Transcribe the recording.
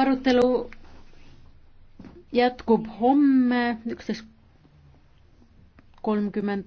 arutelu jätkub homme üksteist kolmkümmend.